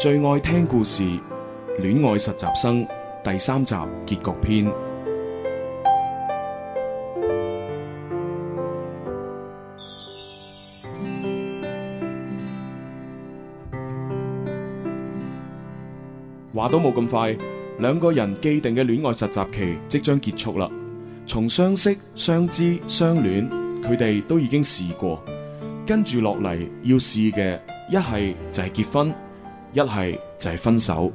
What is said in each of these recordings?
最愛聽故事《戀愛實習生》第三集結局篇。話都冇咁快，兩個人既定嘅戀愛實習期即將結束啦。從相識、相知、相戀，佢哋都已經試過，跟住落嚟要試嘅，一係就係結婚。一係就係分手。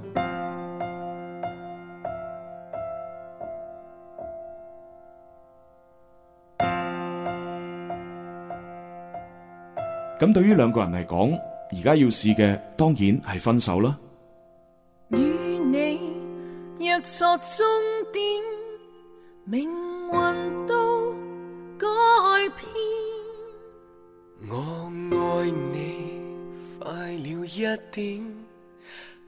咁對於兩個人嚟講，而家要試嘅當然係分手啦。與你約錯終點，命運都改變。我愛你，快了一點。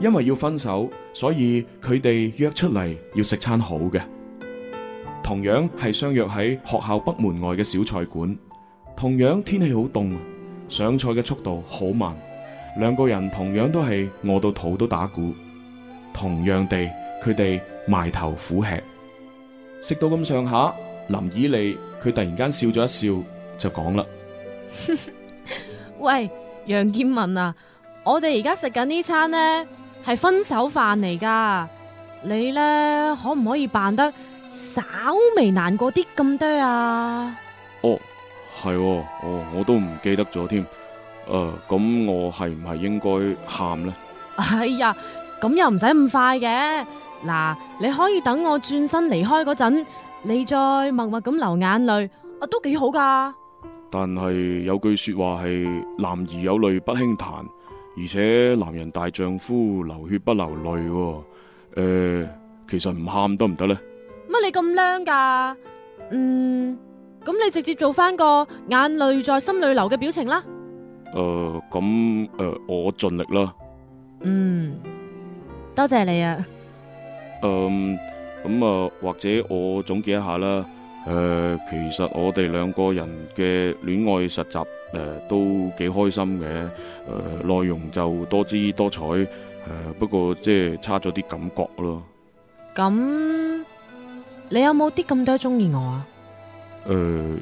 因為要分手，所以佢哋約出嚟要食餐好嘅。同樣係相約喺學校北門外嘅小菜館，同樣天氣好凍，上菜嘅速度好慢。兩個人同樣都係餓到肚都打鼓，同樣地佢哋埋頭苦吃，食到咁上下。林以利佢突然間笑咗一笑，就講啦：「 喂，楊建文啊，我哋而家食緊呢餐呢。」係分手飯嚟噶，你呢？可唔可以扮得稍微難過啲咁多啊？哦，係哦，哦，我都唔記得咗添。誒、呃，咁我係唔係應該喊呢？哎呀，咁又唔使咁快嘅。嗱，你可以等我轉身離開嗰陣，你再默默咁流眼淚，啊，都幾好噶。但係有句說話係男兒有淚不輕彈。而且男人大丈夫流血不流淚，誒、呃，其實唔喊得唔得咧？乜你咁靚噶？嗯，咁你直接做翻個眼淚在心裏流嘅表情啦。誒、呃、咁、呃、誒，我盡力啦。嗯，多謝你啊。嗯、呃、咁、呃、啊，或者我總結一下啦。誒、呃，其實我哋兩個人嘅戀愛實習誒、呃、都幾開心嘅，誒、呃、內容就多姿多彩，誒、呃、不過即係差咗啲感覺咯。咁你有冇啲咁多中意我啊？誒、呃，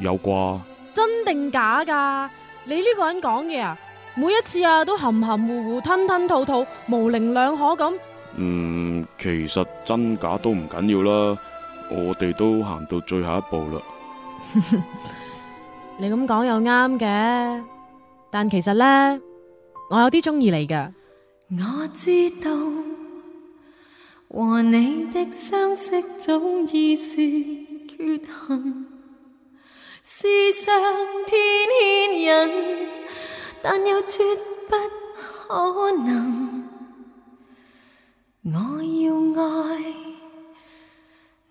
有啩？真定假噶？你呢個人講嘢啊，每一次啊都含含糊糊、糊、吞吞吐吐、模棱兩可咁。嗯，其實真假都唔緊要啦。我哋都行到最後一步啦 ！你咁講又啱嘅，但其實呢，我有啲中意你噶。我知道和你的相識早已是缺陷，是上天牽引，但又絕不可能，我要愛。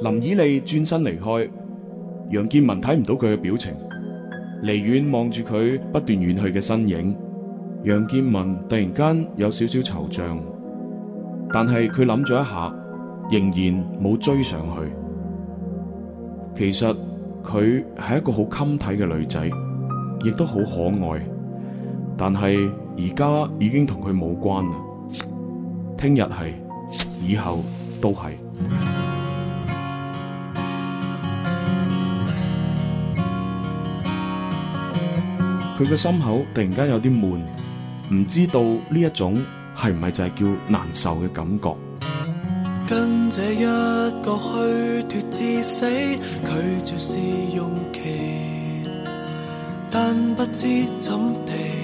林以利轉身離開，楊建文睇唔到佢嘅表情，離遠望住佢不斷遠去嘅身影。楊建文突然間有少少惆悵，但係佢諗咗一下，仍然冇追上去。其實佢係一個好襟睇嘅女仔，亦都好可愛。但係而家已經同佢冇關啦，聽日係，以後都係。佢嘅心口突然間有啲悶，唔知道呢一種係唔係就係叫難受嘅感覺。跟這一個虛脫至死，拒絕試用期，但不知怎地。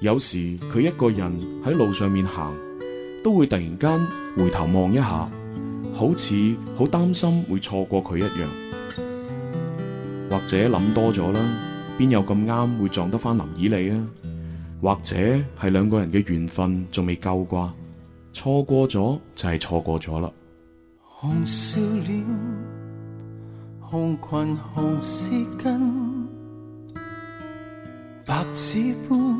有時佢一個人喺路上面行，都會突然間回頭望一下，好似好擔心會錯過佢一樣。或者諗多咗啦，邊有咁啱會撞得翻林以利啊？或者係兩個人嘅緣分仲未夠啩？錯過咗就係錯過咗啦。紅少年，紅裙紅，紅絲巾，白紙般。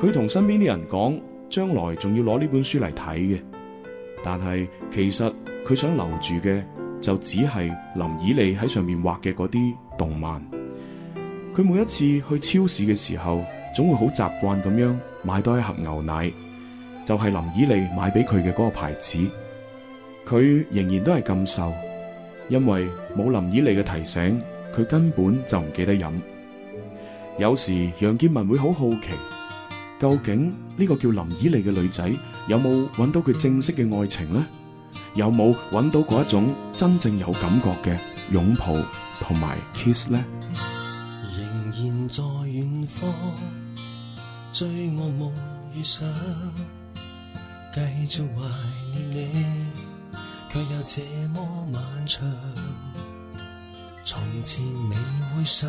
佢同身邊啲人講，將來仲要攞呢本書嚟睇嘅。但係其實佢想留住嘅就只係林以麗喺上面畫嘅嗰啲動漫。佢每一次去超市嘅時候，總會好習慣咁樣買多一盒牛奶，就係林以麗買俾佢嘅嗰個牌子。佢仍然都係咁瘦，因為冇林以麗嘅提醒，佢根本就唔記得飲。有時楊建文會好好奇。究竟呢個叫林依蕾嘅女仔有冇揾到佢正式嘅愛情呢？有冇揾到嗰一種真正有感覺嘅擁抱同埋 kiss 呢？仍然在遠方，追惡夢遇上，繼續懷念你，卻又這麼漫長，從前未會想。